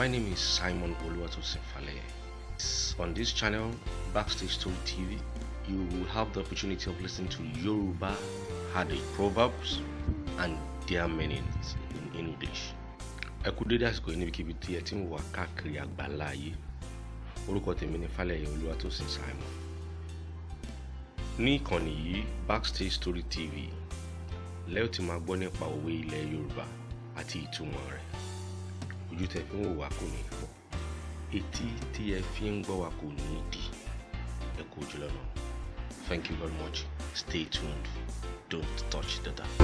My name is Simon Oluwatu Sinfale. On this channel, Backstage Story TV, you will have the opportunity of listening to Yoruba, Hadi proverbs, and their meanings in English. Ẹ kú dédé àsìkò yìí níbikíbi tí ẹ ti ń wà káàkiri àgbàlá ayé. Orúkọ tèmi ni Falẹ̀yẹ Olúwatósìn Simon. Ní ìkànnì yìí, Backstage Story TV, lẹ́yìn tí máa gbọ́ nípa òwe ilẹ̀ Yorùbá àti ìtumọ̀ rẹ̀ ojú tẹ fi ń wò wá kò ní pọ̀ etí tí ẹ fi ń gbọ́ wá kò ní di ẹ kú ojú lọ́nà thank you very much stay tuned don't touch the dark.